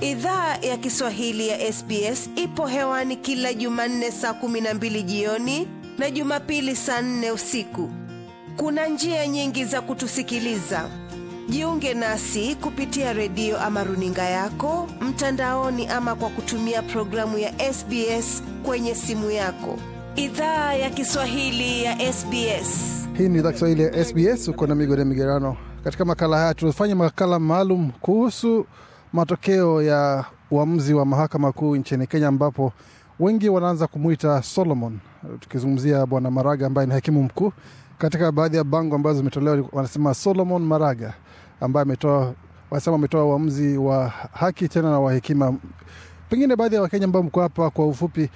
Idhaa ya Kiswahili ya SBS ipo hewani kila Jumanne saa kumi na mbili jioni na Jumapili saa nne usiku. Kuna njia nyingi za kutusikiliza. Jiunge nasi kupitia redio ama runinga yako mtandaoni, ama kwa kutumia programu ya SBS kwenye simu yako. Idhaa ya Kiswahili ya SBS. Hii ni idhaa Kiswahili ya SBS. Uko na Migode Migerano katika makala haya, tunafanya makala maalum kuhusu matokeo ya uamuzi wa mahakama kuu nchini Kenya, ambapo wengi wanaanza kumwita Solomon, tukizungumzia Bwana Maraga ambaye ni hakimu mkuu. Katika baadhi ya bango ambazo zimetolewa wanasema Solomon Maraga ambaye ametoa wanasema ametoa uamuzi wa haki tena na wa hekima. Pengine baadhi ya Wakenya ambao mko hapa, kwa ufupi,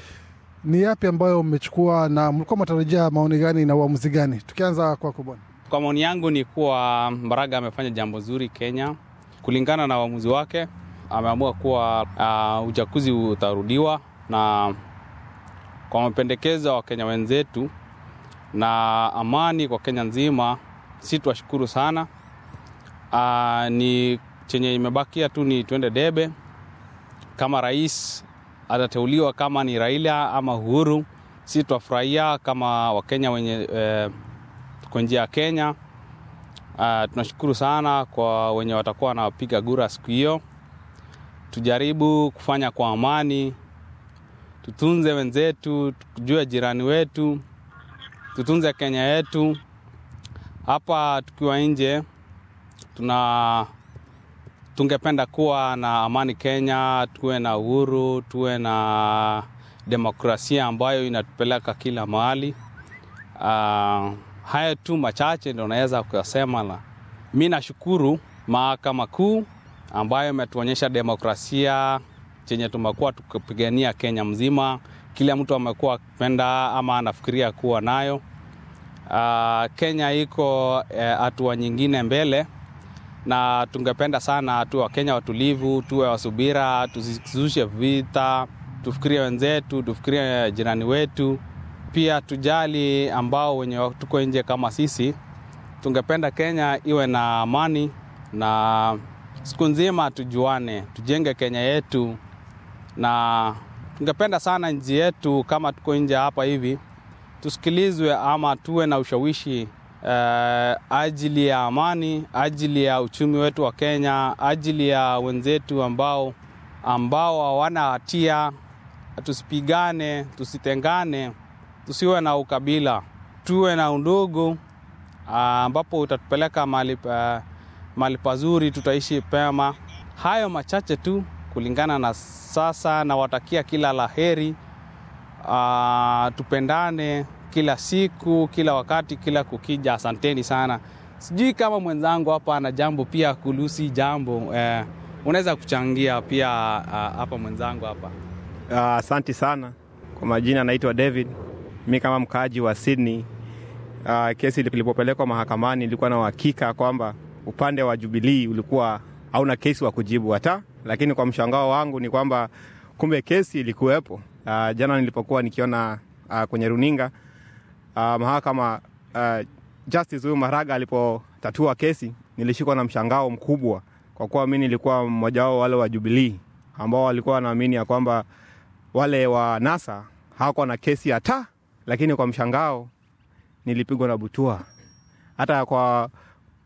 ni yapi ambayo mmechukua na mlikuwa mnatarajia maoni gani na uamuzi gani? Tukianza kwako bwana. Kwa maoni yangu ni kuwa Maraga amefanya jambo zuri Kenya Kulingana na uamuzi wake, ameamua kuwa uh, uchaguzi utarudiwa na kwa mapendekezo ya Wakenya wenzetu na amani kwa Kenya nzima, si tuwashukuru sana. Uh, ni chenye imebakia tu ni tuende debe, kama rais atateuliwa kama ni Raila ama Uhuru, si twafurahia kama Wakenya wenye eh, kwa njia ya Kenya. Uh, tunashukuru sana kwa wenye watakuwa wanapiga kura siku hiyo. Tujaribu kufanya kwa amani, tutunze wenzetu, tujue jirani wetu, tutunze Kenya yetu. Hapa tukiwa nje tuna tungependa kuwa na amani Kenya, tuwe na uhuru, tuwe na demokrasia ambayo inatupeleka kila mahali uh, Haya tu machache ndio naweza kuyasema, na mi nashukuru mahakama kuu ambayo imetuonyesha demokrasia chenye tumekuwa tukipigania Kenya mzima, kila mtu amekuwa akipenda ama anafikiria kuwa nayo. Uh, Kenya iko eh, hatua eh, nyingine mbele, na tungependa sana tu Wakenya watulivu, tuwe wasubira, tusizushe vita, tufikirie wenzetu, tufikirie jirani wetu. Pia tujali ambao wenye tuko nje kama sisi. Tungependa Kenya iwe na amani na siku nzima tujuane, tujenge Kenya yetu, na tungependa sana nchi yetu, kama tuko nje hapa hivi, tusikilizwe ama tuwe na ushawishi eh, ajili ya amani, ajili ya uchumi wetu wa Kenya, ajili ya wenzetu ambao ambao hawana hatia, tusipigane, tusitengane tusiwe na ukabila, tuwe na undugu ah, ambapo utatupeleka mahali ah, mahali pazuri, tutaishi pema. Hayo machache tu kulingana na sasa. Nawatakia kila laheri, ah, tupendane kila siku, kila wakati, kila kukija. Asanteni sana. Sijui kama mwenzangu hapa ana jambo pia kulusi jambo eh, unaweza kuchangia pia hapa mwenzangu hapa. Asante uh, sana. Kwa majina naitwa David mi kama mkaaji wa Sydney, uh, kesi ilipopelekwa mahakamani ilikuwa na uhakika kwamba upande wa Jubilii ulikuwa hauna kesi wa kujibu hata, lakini kwa mshangao wangu ni kwamba kumbe kesi ilikuwepo. Uh, jana nilipokuwa nikiona uh, kwenye runinga uh, mahakama uh, Justice huyu Maraga alipotatua kesi nilishikwa na mshangao mkubwa, kwa kuwa mi nilikuwa mmoja wao wale wa Jubilii ambao walikuwa wanaamini ya kwamba wale wa NASA hawako na kesi hata lakini kwa mshangao nilipigwa na butua. Hata kwa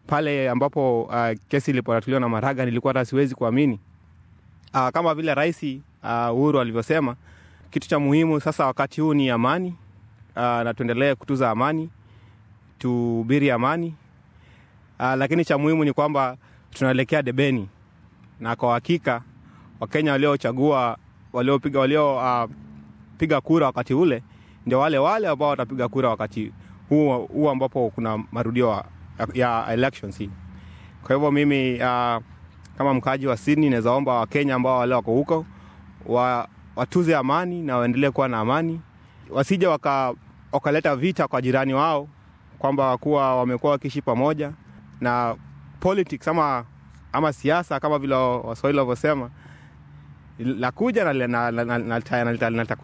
pale ambapo uh, kesi ilipotatuliwa na Maraga nilikuwa hata siwezi kuamini. Uh, kama vile Rais uh, Uhuru alivyosema, kitu cha muhimu sasa wakati huu ni amani uh, na tuendelee kutuza amani, tuhubiri amani uh, lakini cha muhimu ni kwamba tunaelekea debeni, na kwa hakika Wakenya waliochagua waliopiga walio, uh, kura wakati ule ndio wale wale ambao watapiga kura wakati huu, huu ambapo kuna marudio ya elections hii. Kwa hivyo mimi uh, kama mkaaji wa Sydney naweza omba Wakenya ambao wale wako huko wa, watuze amani na waendelee kuwa na amani, wasije wakaleta vita kwa jirani wao, kwamba kuwa wamekuwa wakiishi pamoja na politics ama, ama siasa kama vile Waswahili wanavyosema la kuja na na,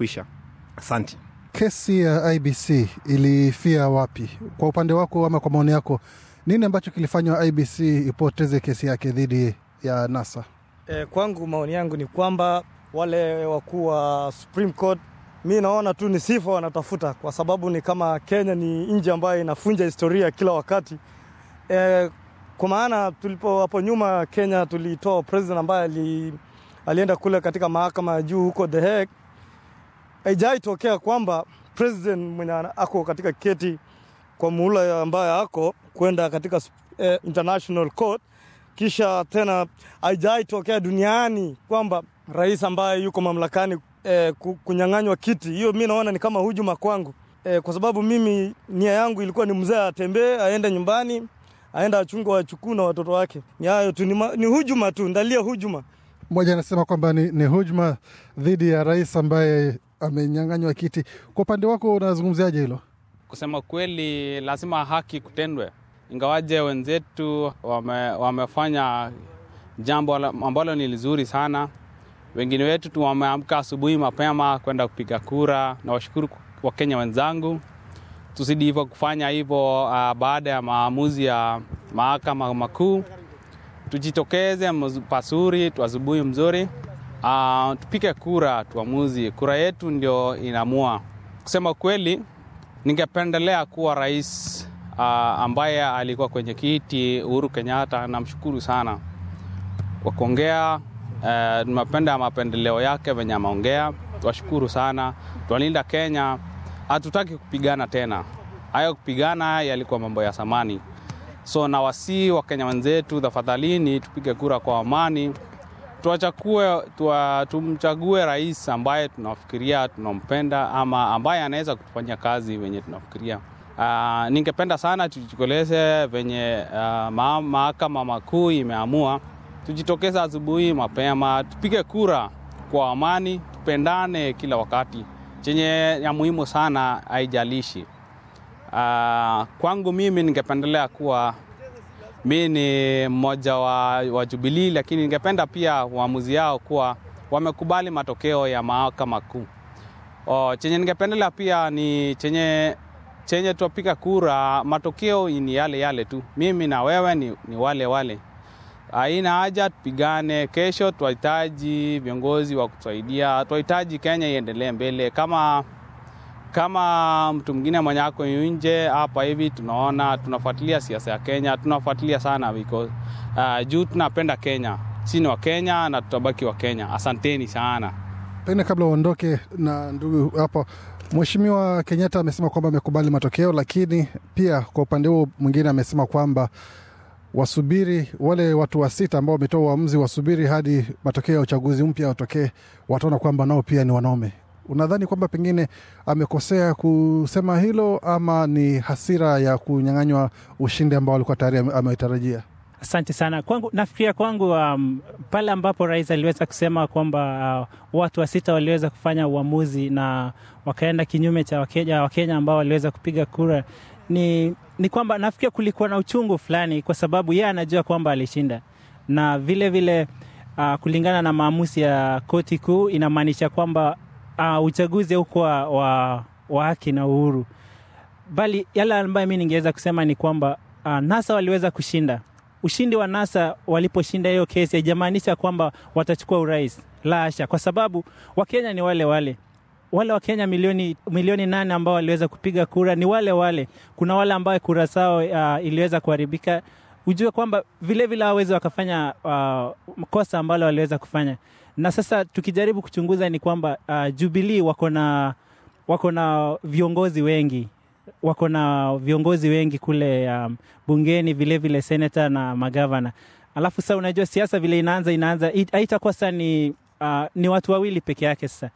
Asante. Kesi ya IBC ilifia wapi kwa upande wako ama kwa maoni yako, nini ambacho kilifanywa IBC ipoteze kesi yake dhidi ya NASA? E, kwangu maoni yangu ni kwamba wale wakuu wa Supreme Court, mi naona tu ni sifa wanatafuta, kwa sababu ni kama Kenya ni nchi ambayo inafunja historia kila wakati e, kwa maana tulipo hapo nyuma Kenya tulitoa president ambaye ali, alienda kule katika mahakama ya juu huko The Hague Haijai tokea kwamba president mwenye ako katika keti kwa muhula ambayo ako kwenda katika eh, international court, kisha tena haijai tokea duniani kwamba rais ambaye yuko mamlakani eh, kunyang'anywa kiti. Hiyo mi naona ni kama hujuma kwangu eh, kwa sababu mimi nia yangu ilikuwa ni mzee atembee, aende nyumbani, aende achunga wachukuu na watoto wake. Ni hayo tu, ni, ni hujuma tu, ndalia hujuma. Mmoja anasema kwamba ni, ni hujuma dhidi ya rais ambaye amenyang'anywa kiti. Kwa upande wako unazungumziaje hilo? Kusema kweli, lazima haki kutendwe, ingawaje wenzetu wame, wamefanya jambo ambalo ni lizuri sana. Wengine wetu tu wameamka asubuhi mapema kwenda kupiga kura, na washukuru Wakenya wenzangu, tuzidi hivyo kufanya hivyo. Uh, baada ya maamuzi ya mahakama makuu, tujitokeze pazuri, tuasubuhi mzuri Uh, ah, tupike kura tuamuzi, kura yetu ndio inamua. Kusema kweli, ningependelea kuwa rais uh, ambaye alikuwa kwenye kiti Uhuru Kenyatta. Namshukuru sana kwa kuongea uh, eh, mapenda mapendeleo yake venye ameongea, twashukuru sana, twalinda Kenya. Hatutaki kupigana tena, hayo kupigana yalikuwa mambo ya samani So nawasii Wakenya wenzetu, tafadhalini tupige kura kwa amani tuwachakue tuwa, tumchague rais ambaye tunafikiria tunampenda ama ambaye anaweza kutufanya kazi wenye tunafikiria. Uh, ningependa sana tujikoleze venye uh, mahakama makuu imeamua. Tujitokeze asubuhi mapema, tupige kura kwa amani, tupendane kila wakati. Chenye ya muhimu sana haijalishi. Uh, kwangu mimi ningependelea kuwa mi ni mmoja wa, wa Jubilii, lakini ningependa pia uamuzi yao kuwa wamekubali matokeo ya mahakama kuu. Chenye ningependelea pia ni chenye chenye tuwapiga kura, matokeo ni yale yale tu, mimi na wewe ni, ni wale wale. Haina haja tupigane. Kesho twahitaji viongozi wa kutusaidia, twahitaji Kenya iendelee mbele kama kama mtu mwingine mwenye ako nje hapa hivi, tunaona tunafuatilia siasa ya Kenya, tunafuatilia sana because, uh, juu tunapenda Kenya, si wa Kenya na tutabaki wa Kenya. Asanteni sana. Pengine kabla uondoke na ndugu hapo Mheshimiwa Kenyatta amesema kwamba amekubali matokeo, lakini pia kwa upande huo mwingine amesema kwamba wasubiri wale watu wa sita ambao wametoa uamuzi, wasubiri hadi matokeo ya uchaguzi mpya yatokee, wataona kwamba nao pia ni wanaume. Unadhani kwamba pengine amekosea kusema hilo ama ni hasira ya kunyang'anywa ushindi ambao alikuwa tayari ametarajia? Asante sana. Kwangu nafikiria kwangu, um, pale ambapo rais aliweza kusema kwamba uh, watu wa sita waliweza kufanya uamuzi na wakaenda kinyume cha Wakenya, Wakenya ambao waliweza kupiga kura ni, ni kwamba nafikiria kulikuwa na uchungu fulani, kwa sababu yeye anajua kwamba alishinda na vilevile vile, uh, kulingana na maamuzi ya koti kuu inamaanisha kwamba uh, uchaguzi huko wa, wa wa haki na uhuru, bali yale ambayo mi ningeweza kusema ni kwamba uh, NASA waliweza kushinda. Ushindi wa NASA waliposhinda hiyo kesi haijamaanisha kwamba watachukua urais, la hasha, kwa sababu Wakenya ni wale wale wale Wakenya milioni, milioni nane ambao waliweza kupiga kura ni wale wale. Kuna wale ambao kura zao uh, iliweza kuharibika. Ujue kwamba vilevile hawawezi wakafanya uh, kosa ambalo waliweza kufanya na sasa tukijaribu kuchunguza ni kwamba uh, Jubilee wako na wako na viongozi wengi wako na viongozi wengi kule um, bungeni vile vile seneta na magavana. Alafu sasa unajua siasa vile inaanza inaanza haitakuwa sasa ni, uh, ni watu wawili peke yake. Sasa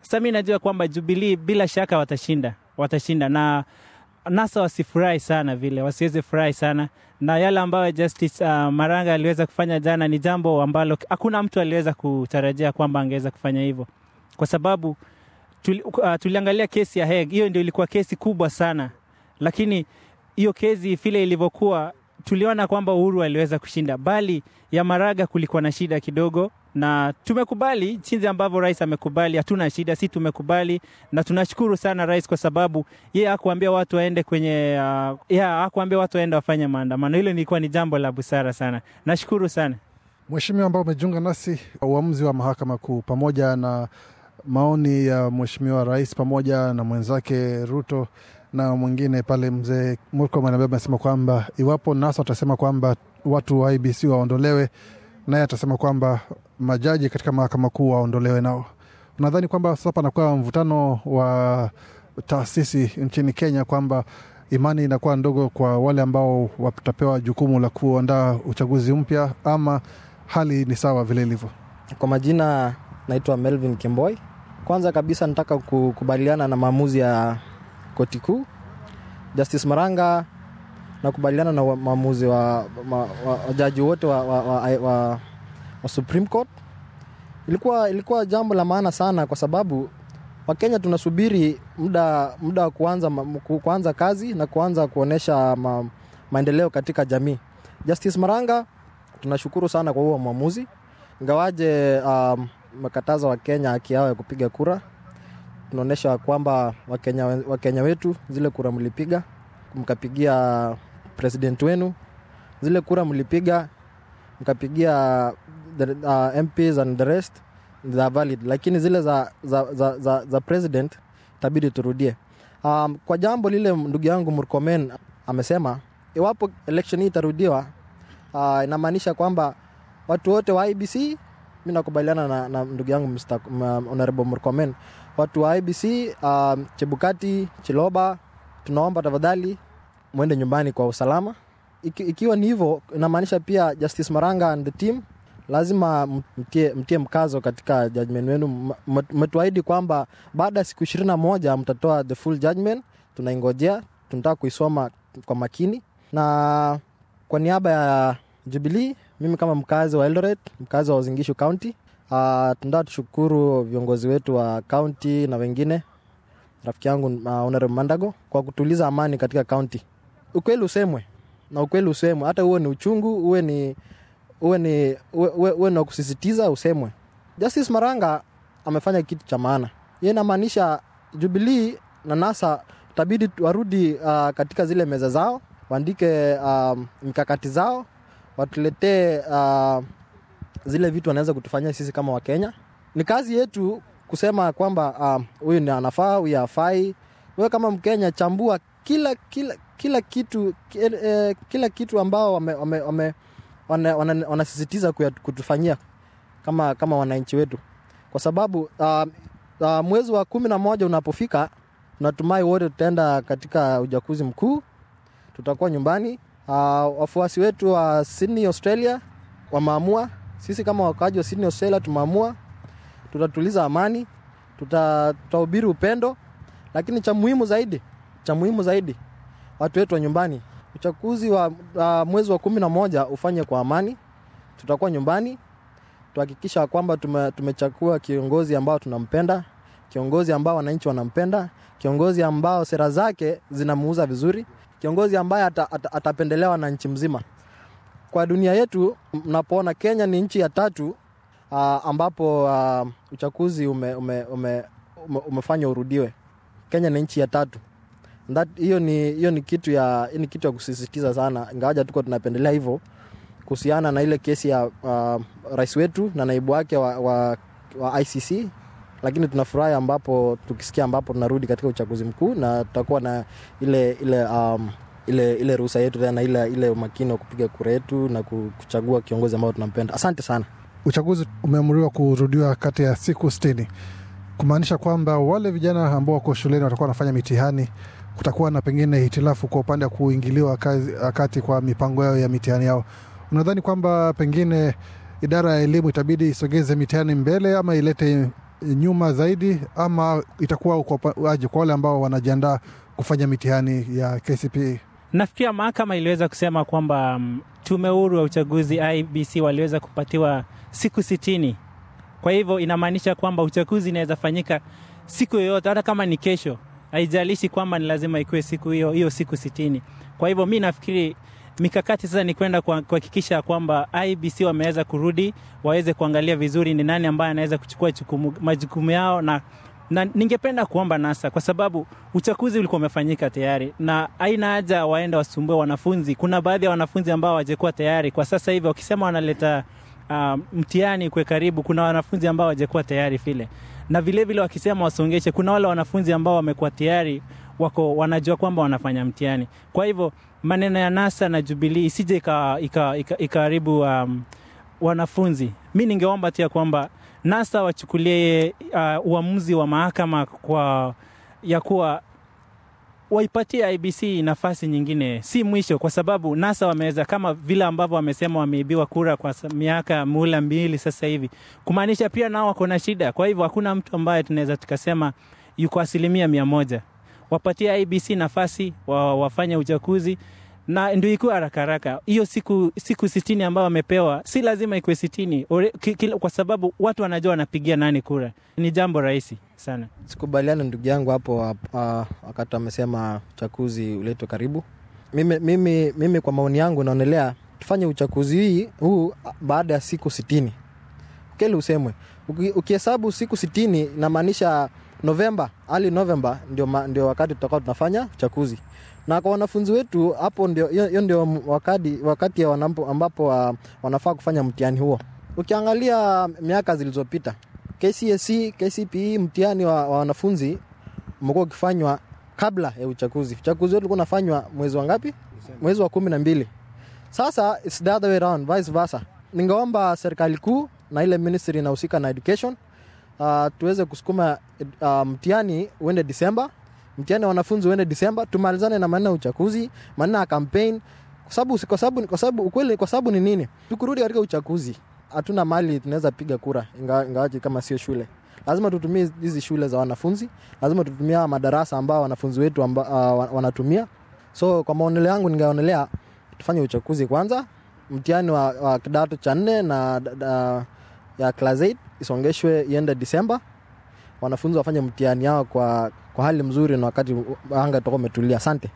sasa mimi najua kwamba jubilii bila shaka watashinda watashinda na NASA wasifurahi sana vile, wasiweze furahi sana na yale ambayo Justice uh, Maranga aliweza kufanya jana, ni jambo ambalo hakuna mtu aliweza kutarajia kwamba angeweza kufanya hivyo, kwa sababu tuli, uh, tuliangalia kesi ya heg hiyo ndio ilikuwa kesi kubwa sana, lakini hiyo kesi vile ilivyokuwa tuliona kwamba Uhuru aliweza kushinda, bali ya maraga kulikuwa na shida kidogo, na tumekubali jinsi ambavyo rais amekubali. Hatuna shida, si tumekubali, na tunashukuru sana rais kwa sababu yeye hakuambia watu waende kwenye uh, ya hakuambia watu waende wafanye maandamano. Hilo nilikuwa ni jambo la busara sana. Nashukuru sana mheshimiwa, ambao umejiunga nasi. Uamuzi wa mahakama kuu pamoja na maoni ya mheshimiwa rais pamoja na mwenzake Ruto na mwingine pale mzee Murkomen ambaye amesema kwamba iwapo NASA watasema kwamba watu wa IBC waondolewe, naye atasema kwamba majaji katika mahakama kuu waondolewe nao. Unadhani kwamba sasa panakuwa mvutano wa taasisi nchini Kenya kwamba imani inakuwa ndogo kwa wale ambao watapewa jukumu la kuandaa uchaguzi mpya, ama hali ni sawa vile ilivyo? Kwa majina naitwa Melvin Kimboi. Kwanza kabisa nataka kukubaliana na maamuzi ya koti kuu Justice Maranga nakubaliana na maamuzi wa wajaji wote wa, wa, wa, wa, wa, wa Supreme Court. Ilikuwa, ilikuwa jambo la maana sana kwa sababu Wakenya tunasubiri muda muda wa kuanza, kuanza kazi na kuanza kuonyesha ma, maendeleo katika jamii. Justice Maranga tunashukuru sana kwa huo mwamuzi, ingawaje um, mekataza Wakenya haki yao ya kupiga kura tunaonyesha kwamba Wakenya, Wakenya wetu zile kura mlipiga mkapigia president wenu, zile kura mlipiga mkapigia uh, MPs and the rest za valid, lakini zile za, za, za, za, za president itabidi turudie. Um, kwa jambo lile ndugu yangu Murkomen amesema iwapo election hii itarudiwa, uh, inamaanisha kwamba watu wote wa IBC, mi nakubaliana na, na ndugu yangu Honorable Murkomen watu wa IBC um, Chebukati, Chiloba, tunaomba tafadhali mwende nyumbani kwa usalama. Iki, ikiwa ni hivyo, inamaanisha pia Justice Maranga and the team lazima mtie, mtie mkazo katika judgment wenu. Mmetuahidi kwamba baada ya siku ishirini na moja mtatoa the full judgment. Tunaingojea, tunataka kuisoma kwa makini, na kwa niaba ya Jubilee, mimi kama mkazi wa Eldoret, mkazi wa Uasin County, Uh, tunataka tushukuru viongozi wetu wa kaunti na wengine, rafiki yangu uh, Honorable Mandago kwa kutuliza amani katika kaunti. Ukweli usemwe na ukweli usemwe, hata uwe ni uchungu, uwe ni uwe ni uwe, uwe na kusisitiza usemwe. Justice Maranga amefanya kitu cha maana, yeye inamaanisha Jubilee na NASA itabidi warudi uh, katika zile meza zao, waandike uh, mikakati zao, watuletee uh, zile vitu wanaweza kutufanyia sisi kama Wakenya. Ni kazi yetu kusema kwamba ah, huyu uh, ni anafaa, huyu afai Wewe kama Mkenya chambua kila, kila, kila kitu eh, eh kila kitu ambao wanasisitiza wana, wana kutufanyia kama, kama wananchi wetu, kwa sababu uh, uh, mwezi wa kumi na moja unapofika, natumai wote tutaenda katika ujakuzi mkuu, tutakuwa nyumbani. Uh, wafuasi wetu wa Sydney Australia wameamua sisi kama wakaaji wa Sydney Australia tumeamua tutatuliza amani, tutahubiri tuta upendo, lakini cha muhimu zaidi, cha muhimu zaidi watu wetu wa nyumbani. Uchaguzi wa uh, mwezi wa kumi na moja ufanye kwa amani. Tutakuwa nyumbani tuhakikisha kwamba tume, tumechagua kiongozi ambao tunampenda, kiongozi ambao wananchi wanampenda, kiongozi ambao sera zake zinamuuza vizuri, kiongozi ambaye atapendelewa ata, ata na nchi mzima. Kwa dunia yetu mnapoona Kenya ni nchi ya tatu uh, ambapo uh, uchaguzi ume, ume, ume, ume, umefanya urudiwe. Kenya ni nchi ya tatu. Hiyo ni, hiyo ni kitu ya, ni kitu ya kusisitiza sana, ingawaja tuko tunapendelea hivyo kuhusiana na ile kesi ya uh, rais wetu na naibu wake wa, wa, wa ICC, lakini tunafurahi ambapo tukisikia ambapo tunarudi katika uchaguzi mkuu na tutakuwa na ile, ile um, ile ile ruhusa yetu tena ile ile umakini wa kupiga kura yetu na kuchagua kiongozi ambao tunampenda. Asante sana. Uchaguzi umeamuriwa kurudiwa kati ya siku sitini kumaanisha kwamba wale vijana ambao wako shuleni watakuwa wanafanya mitihani. Kutakuwa na pengine hitilafu kwa upande wa kuingiliwa kati kwa mipango yao ya mitihani yao. Unadhani kwamba pengine idara ya elimu itabidi isogeze mitihani mbele ama ilete nyuma zaidi, ama itakuwa aje kwa wale ambao wanajiandaa kufanya mitihani ya KCPE? Nafikiria mahakama iliweza kusema kwamba mm, tume huru wa uchaguzi IBC waliweza kupatiwa siku sitini. Kwa hivyo inamaanisha kwamba uchaguzi inaweza fanyika siku yoyote, hata kama ni kesho, haijalishi kwamba ni lazima ikiwe siku hiyo hiyo, siku sitini. Kwa hivyo mi nafikiri mikakati sasa ni kwenda kuhakikisha kwamba IBC wameweza kurudi waweze kuangalia vizuri ni nani ambaye anaweza kuchukua majukumu yao na na ningependa kuomba NASA kwa sababu uchaguzi ulikuwa umefanyika tayari, na aina haja waenda wasumbue wanafunzi. Kuna baadhi ya wanafunzi ambao hawajakuwa tayari kwa sasa hivi, wakisema wanaleta uh, ah, mtiani kwe karibu, kuna wanafunzi ambao hawajakuwa tayari vile, na vile vile wakisema wasongeshe, kuna wale wanafunzi ambao wamekuwa tayari wako wanajua kwamba wanafanya mtiani Kwa hivyo maneno ya NASA na jubilii isije ikaharibu ika, ika, ika um, wanafunzi. Mi ningeomba tu ya kwamba NASA wachukulie uh, uamuzi wa mahakama kwa ya kuwa waipatie IBC nafasi nyingine, si mwisho, kwa sababu NASA wameweza, kama vile ambavyo wamesema, wameibiwa kura kwa miaka muhula mbili sasa hivi, kumaanisha pia nao wako na shida. Kwa hivyo hakuna mtu ambaye tunaweza tukasema yuko asilimia mia moja. Wapatie IBC nafasi wa, wafanye uchaguzi na ndio ikuwe haraka haraka. Hiyo siku siku sitini ambayo wamepewa si lazima ikuwe sitini Ore, ki, ki, kwa sababu watu wanajua wanapigia nani kura. Ni jambo rahisi sana. Sikubaliana ndugu yangu hapo wakati wamesema uchaguzi uletwe karibu. Mimi, mimi, mimi kwa maoni yangu naonelea tufanye uchaguzi hii huu baada ya siku sitini keli usemwe. Ukihesabu siku sitini inamaanisha Novemba, hali Novemba ndio, ndio wakati tutakuwa tunafanya uchaguzi na kwa wanafunzi wetu hapo ndio, hiyo ndio wakati, wakati wanampo, ambapo wa, ah, wanafaa kufanya mtihani huo. Ukiangalia miaka zilizopita KCSE, KCPE mtihani wa, wa wanafunzi umekuwa ukifanywa kabla ya uchaguzi. Uchaguzi wetu ulikuwa unafanywa mwezi wa ngapi? Mwezi wa kumi na mbili. Sasa it's the other way around, vice versa. Ningeomba serikali kuu na ile ministry inahusika na education uh, tuweze kusukuma uh, mtihani uende Disemba mtihani wanafunzi uende Disemba, tumalizane na maneno ya uchaguzi, maneno ya campaign, kwa sababu kwa sababu kwa sababu ukweli, kwa sababu ni nini? tukurudi katika uchaguzi, hatuna mali tunaweza piga kura ingawaje kama sio shule lazima tutumie hizi shule za wanafunzi, lazima tutumie madarasa ambao wanafunzi wetu amba, uh, wanatumia. So kwa maonelo yangu, ningeonelea tufanye uchaguzi kwanza, mtihani wa, wa kidato cha nne na da, da, ya class 8 isongeshwe iende Disemba, wanafunzi wafanye mtihani yao kwa kwa hali mzuri na wakati anga itakuwa umetulia. Asante,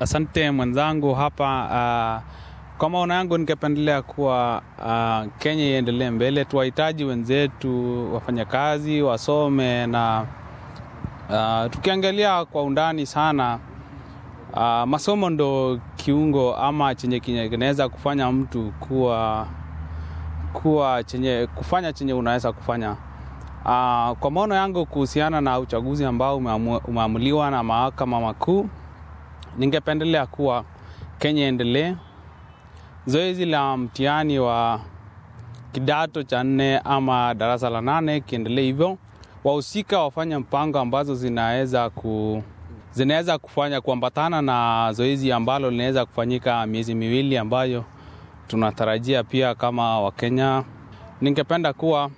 asante mwenzangu hapa uh... Kwa maona yangu ningependelea kuwa uh, Kenya iendelee mbele. Tuwahitaji wenzetu wafanyakazi wasome, na uh, tukiangalia kwa undani sana uh, masomo ndo kiungo ama chenye kinaweza kufanya mtu kuwa, kuwa chenye, kufanya chenye unaweza kufanya Uh, kwa maono yangu kuhusiana na uchaguzi ambao umeamuliwa na mahakama makuu, ningependelea kuwa Kenya endelee zoezi la mtihani wa kidato cha nne ama darasa la nane kiendelee hivyo. Wahusika wafanye mpango ambazo zinaweza ku zinaweza kufanya kuambatana na zoezi ambalo linaweza kufanyika miezi miwili ambayo tunatarajia pia kama Wakenya. Ningependa kuwa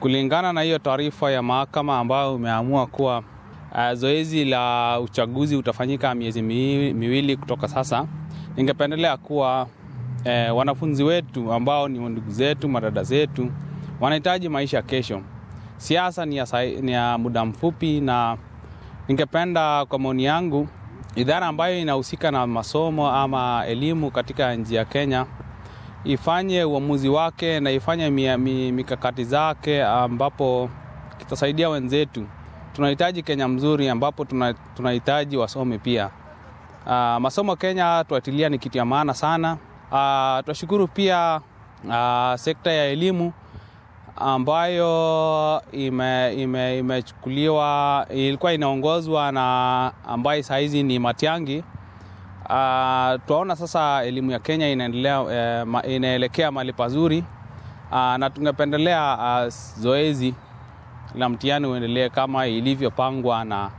Kulingana na hiyo taarifa ya mahakama ambayo imeamua kuwa uh, zoezi la uchaguzi utafanyika miezi miwili kutoka sasa, ningependelea kuwa eh, wanafunzi wetu ambao ni ndugu zetu, madada zetu wanahitaji maisha kesho. Siasa ni ya, ni ya muda mfupi, na ningependa kwa maoni yangu idara ambayo inahusika na masomo ama elimu katika nchi ya Kenya ifanye uamuzi wake na ifanye mikakati zake ambapo kitasaidia wenzetu. Tunahitaji Kenya mzuri ambapo tunahitaji wasome pia. Uh, masomo Kenya tuatilia ni kitu ya maana sana. Uh, twashukuru pia uh, sekta ya elimu ambayo imechukuliwa ime, ime ilikuwa inaongozwa na ambaye sahizi ni Matiangi. Uh, twaona sasa elimu ya Kenya inaendelea uh, inaelekea mahali pazuri uh, na tungependelea uh, ah, zoezi la mtihani uendelee kama ilivyopangwa na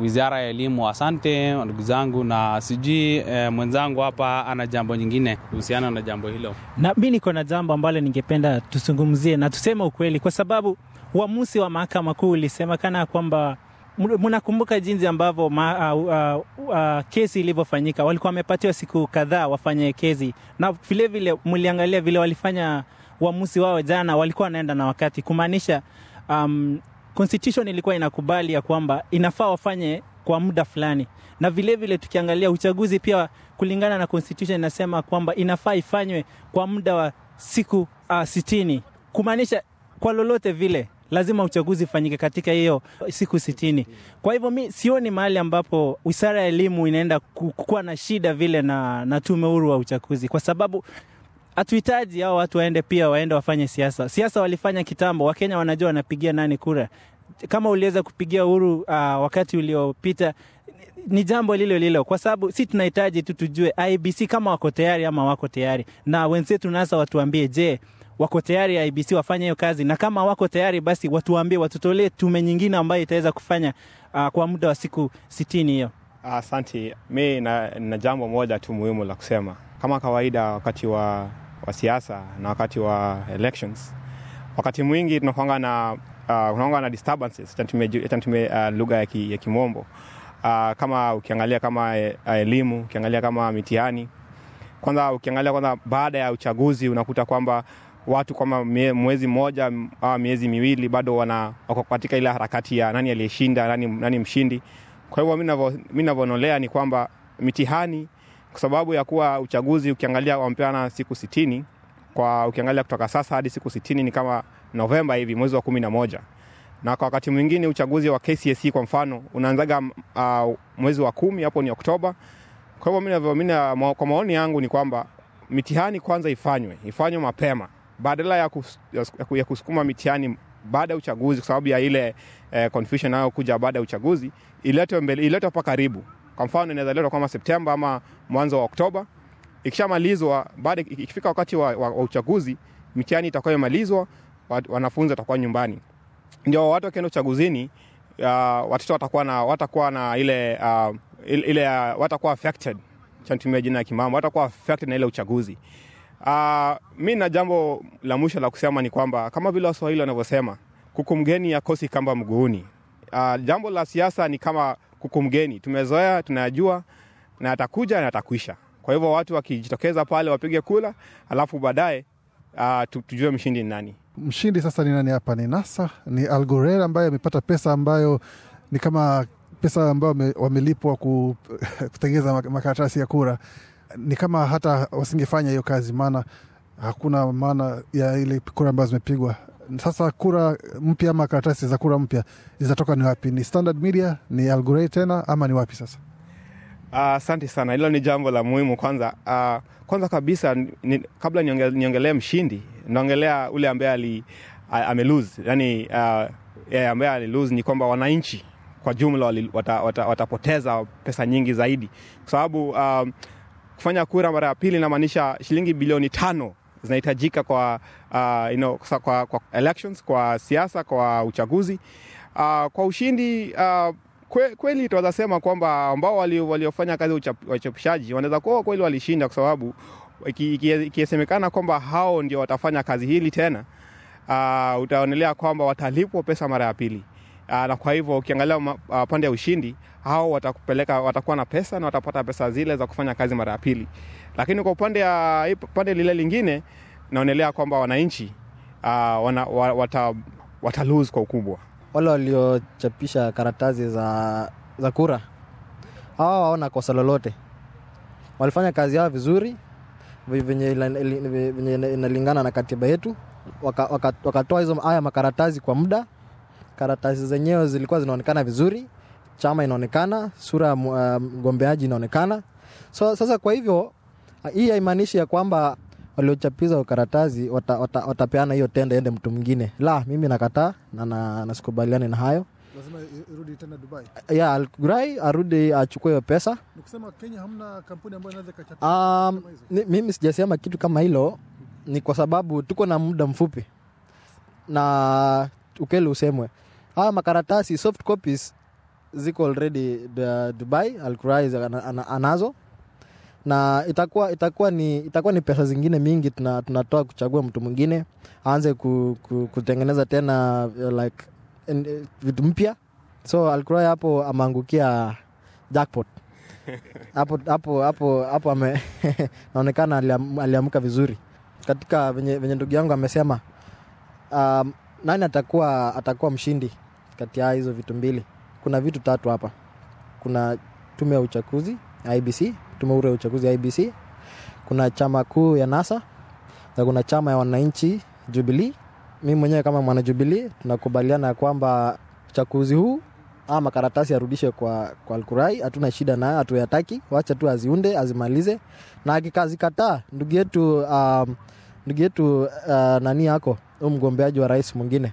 Wizara ya Elimu. Asante ndugu zangu, na sijui eh, mwenzangu hapa ana jambo nyingine kuhusiana na jambo hilo. Na mi niko na jambo ambalo ningependa tuzungumzie na tuseme ukweli, kwa sababu uamuzi wa mahakama kuu ulisemekana kwamba mnakumbuka jinsi ambavyo uh, uh, uh, kesi ilivyofanyika, walikuwa wamepatiwa siku kadhaa wafanye kesi, na vilevile mliangalia vile walifanya uamuzi wao jana, walikuwa wanaenda na wakati, kumaanisha um, constitution ilikuwa inakubali ya kwamba inafaa wafanye kwa muda fulani, na vilevile vile tukiangalia uchaguzi pia kulingana na constitution inasema kwamba inafaa ifanywe kwa muda wa siku uh, sitini, kumaanisha kwa lolote vile lazima uchaguzi ufanyike katika hiyo siku sitini. Kwa hivyo mi sioni mahali ambapo wizara ya elimu inaenda kuwa na shida vile na, na tume huru wa uchaguzi kwa sababu hatuhitaji hao watu waende pia waende wafanye siasa. Siasa walifanya kitambo, Wakenya wanajua wanapigia nani kura. Kama uliweza kupigia Uhuru uh, ah, wakati uliopita ni jambo lilo lilo, kwa sababu si tunahitaji tu tujue IBC kama wako tayari ama wako tayari, na wenzetu NASA watuambie, je wako tayari IBC wafanye hiyo kazi, na kama wako tayari basi watuambie, watutolee tume nyingine ambayo itaweza kufanya uh, kwa muda wa siku sitini hiyo. Asante. Mi na, na jambo moja tu muhimu la kusema kama kawaida wakati wa, wa siasa na wakati wa elections, wakati mwingi tunakuanga na uh, na disturbances yaani yaani tume uh, lugha ya, ki, ya kimombo uh, kama ukiangalia kama uh, elimu ukiangalia kama mitihani kwanza, ukiangalia kwanza baada ya uchaguzi unakuta kwamba watu kwamba mwezi mmoja au miezi miwili bado wana wako katika ile harakati ya nani aliyeshinda, nani, nani mshindi. Kwa hivyo mi navyonolea ni kwamba mitihani, kwa sababu ya kuwa uchaguzi ukiangalia wampeana siku sitini kwa ukiangalia kutoka sasa hadi siku sitini ni kama Novemba hivi mwezi wa kumi na moja na kwa wakati mwingine uchaguzi wa KCSE kwa mfano unaanzaga uh, mwezi wa kumi, hapo ni Oktoba. Kwa hivyo mi navyoamini, kwa maoni yangu ni kwamba mitihani kwanza ifanywe ifanywe mapema badala ya, kus, ya ya, kusukuma mitihani baada ya uchaguzi kwa sababu ya ile eh, confusion nayo kuja baada ya uchaguzi, iletwe mbele, iletwe hapa karibu. Kwa mfano inaweza letwa kama Septemba ama mwanzo wa Oktoba. Ikishamalizwa baada, ikifika wakati wa, wa, wa uchaguzi, mitihani itakuwa imalizwa, wanafunzi watakuwa nyumbani, ndio watu wakienda uchaguzini uh, watoto watakuwa na, watakuwa na ile, uh, ile uh, watakuwa affected, chantumia jina ya kimama, watakuwa affected na ile uchaguzi. Uh, mi na jambo la mwisho la kusema ni kwamba kama vile waswahili wanavyosema kuku mgeni akosi kamba mguuni. Uh, jambo la siasa ni kama kuku mgeni, tumezoea tunayajua, na atakuja na atakwisha. Kwa hivyo watu wakijitokeza pale wapige kula, alafu baadaye uh, tujue mshindi ni nani. Mshindi sasa ni nani? Hapa ni NASA, ni Al ambaye amepata pesa ambayo ni kama pesa ambayo wamelipwa kutengeza makaratasi ya kura ni kama hata wasingefanya hiyo kazi, maana hakuna maana ya ile kura ambazo zimepigwa. Sasa kura mpya ama karatasi za kura mpya zitatoka ni wapi? Ni Standard Media, ni Al tena ama ni wapi sasa? Ah, asante uh, sana. Hilo ni jambo la muhimu kwanza. Uh, kwanza kabisa ni, kabla niongelee mshindi, naongelea ule ambaye amelose, yani uh, ambaye alilose ni kwamba wananchi kwa jumla watapoteza wata, wata pesa nyingi zaidi kwa sababu um, kufanya kura mara ya pili inamaanisha shilingi bilioni tano zinahitajika kwa, uh, you know, kwa, kwa elections kwa siasa kwa uchaguzi uh, kwa ushindi uh, kwe, kweli tunaweza sema kwamba ambao waliofanya kazi ya uchapishaji wanaweza kuwa kweli walishinda, kwa sababu ikisemekana kwamba hao ndio watafanya kazi hili tena, uh, utaonelea kwamba watalipwa pesa mara ya pili. Ah, na kwa hivyo ukiangalia ah, pande ya ushindi, hao watakupeleka, watakuwa na pesa na watapata pesa zile za kufanya kazi mara ya pili. Lakini kwa upande ya pande lile lingine, naonelea kwamba wananchi ah, wana, wata, wata lose kwa ukubwa. Wale waliochapisha karatasi za, za kura hawa waona kosa lolote, walifanya kazi yao vizuri venye inalingana na katiba yetu, wakatoa waka, waka hizo haya makaratasi kwa muda Karatasi zenyewe zilikuwa zinaonekana vizuri, chama inaonekana, sura ya uh, mgombeaji inaonekana. So sasa, kwa hivyo hii haimaanishi ya kwamba waliochapiza karatasi watapeana wata, wata hiyo tenda ende mtu mwingine. La, mimi nakataa na nasikubaliani na hayo. Lazima irudi tena Dubai. Ya, Algurai arudi achukue hiyo pesa. Nikisema Kenya hamna kampuni ambayo inaweza kachapisha. Um, ah, mimi sijasema kitu kama hilo ni kwa sababu tuko na muda mfupi na ukeli usemwe haya ah, makaratasi soft copies ziko already the Dubai, Alkurai anazo na itakuwa, itakuwa, ni, itakuwa ni pesa zingine mingi tuna, tunatoa kuchagua mtu mwingine aanze ku, ku, kutengeneza tena eh, like eh, vitu mpya so Alkurai hapo ameangukia jackpot hapo hapo hapo hapo ame naonekana aliamka vizuri katika venye, venye ndugu yangu amesema um, nani atakuwa atakuwa mshindi kati ya hizo vitu mbili kuna vitu tatu hapa kuna tume ya uchaguzi ibc tume huru ya uchaguzi ibc kuna chama kuu ya nasa na kuna chama ya wananchi jubilii mi mwenyewe kama mwana mwanajubilii tunakubaliana ya kwamba uchaguzi huu ama makaratasi arudishe kwa, kwa Alkurai. Hatuna shida nayo, hatuyataki, wacha tu aziunde azimalize, na akikazikataa ndugu yetu um, ndugu yetu uh, nani yako huu mgombeaji wa rais mwingine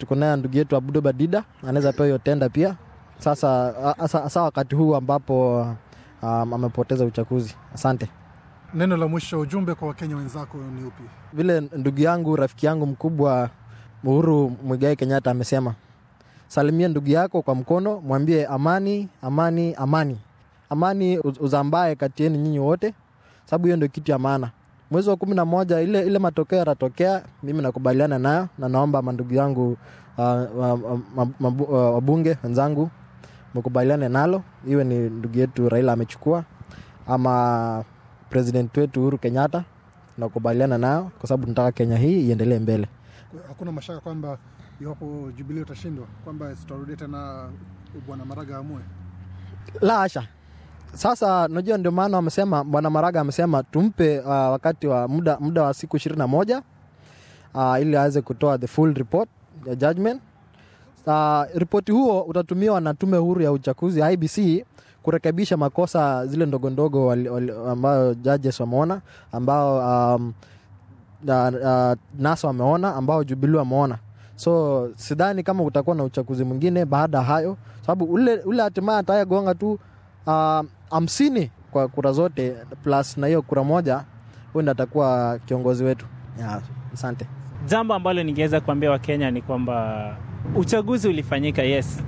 tuko naye ndugu yetu Abudo Badida anaweza pewa hiyo tenda pia. Sasa sasa wakati huu ambapo um, amepoteza uchaguzi. Asante. Neno la mwisho, ujumbe kwa Wakenya wenzako ni upi? Vile ndugu yangu rafiki yangu mkubwa Uhuru Mwigai Kenyatta amesema, salimia ndugu yako kwa mkono, mwambie amani, amani, amani, amani uzambae kati yenu nyinyi wote, sababu hiyo ndio kitu ya maana mwezi wa kumi na moja ile, ile matokeo yatatokea, mimi nakubaliana nayo na naomba mandugu yangu uh, uh, wabunge uh, wenzangu mkubaliane nalo, iwe ni ndugu yetu Raila amechukua ama president wetu Uhuru Kenyatta, nakubaliana nayo kwa sababu nataka Kenya hii iendelee mbele. Hakuna mashaka kwamba iwapo Jubilee utashindwa kwamba tena bwana Maraga amue. La hasha. Sasa najua ndio maana wamesema, bwana Maraga amesema tumpe uh, wakati wa muda, muda wa siku ishirini na moja uh, ili aweze kutoa the full report ya judgment. Uh, ripoti huo utatumiwa na tume huru ya uchaguzi IBC kurekebisha makosa zile ndogondogo ambayo judges wameona ambao um, uh, uh, NASA wameona ambao Jubilee wameona so sidhani kama utakuwa na uchaguzi mwingine baada ya hayo, sababu ule, ule hatimaye atayagonga tu uh, hamsini kwa kura zote plus na hiyo kura moja, ndo atakuwa kiongozi wetu. Asante. Jambo ambalo ningeweza kuambia Wakenya ni kwamba uchaguzi ulifanyika, yes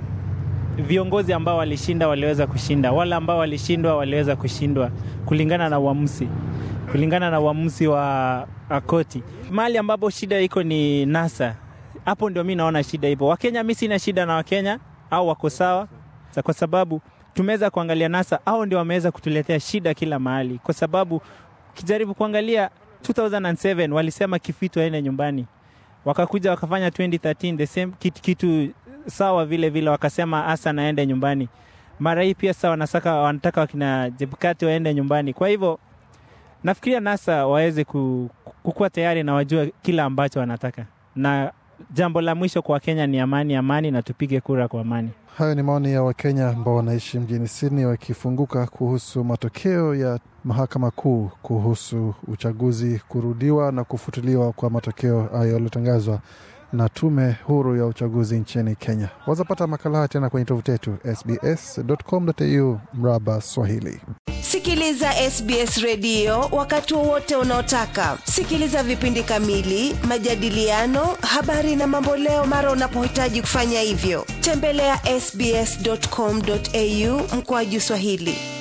viongozi ambao walishinda waliweza kushinda, wale ambao walishindwa waliweza kushindwa kulingana na uamuzi, kulingana na uamuzi wa koti. Mahali ambapo shida iko ni NASA, hapo ndio mi naona shida ipo. Wakenya, mi sina shida na Wakenya au wako sawa, kwa sababu tumeweza kuangalia NASA au ndio wameweza kutuletea shida kila mahali, kwa sababu kijaribu kuangalia 2007 walisema kifitu aende nyumbani, wakakuja wakafanya 2013 the same kitu, kitu sawa vile vile, wakasema asa naende nyumbani. Mara hii pia sawa wanasaka wanataka wakina Jebukati waende nyumbani. Kwa hivyo nafikiria NASA waweze kukuwa tayari na wajua kila ambacho wanataka na Jambo la mwisho kwa Wakenya ni amani, amani, na tupige kura kwa amani. Hayo ni maoni ya Wakenya ambao wanaishi mjini Sydney wakifunguka kuhusu matokeo ya mahakama kuu kuhusu uchaguzi kurudiwa na kufutiliwa kwa matokeo yaliyotangazwa na tume huru ya uchaguzi nchini Kenya. Wazapata makala haya tena kwenye tovuti yetu sbs.com.au mraba Swahili. Sikiliza SBS redio wakati wowote unaotaka. Sikiliza vipindi kamili, majadiliano, habari na mamboleo mara unapohitaji kufanya hivyo. Tembelea ya sbs.com.au mkoaju Swahili.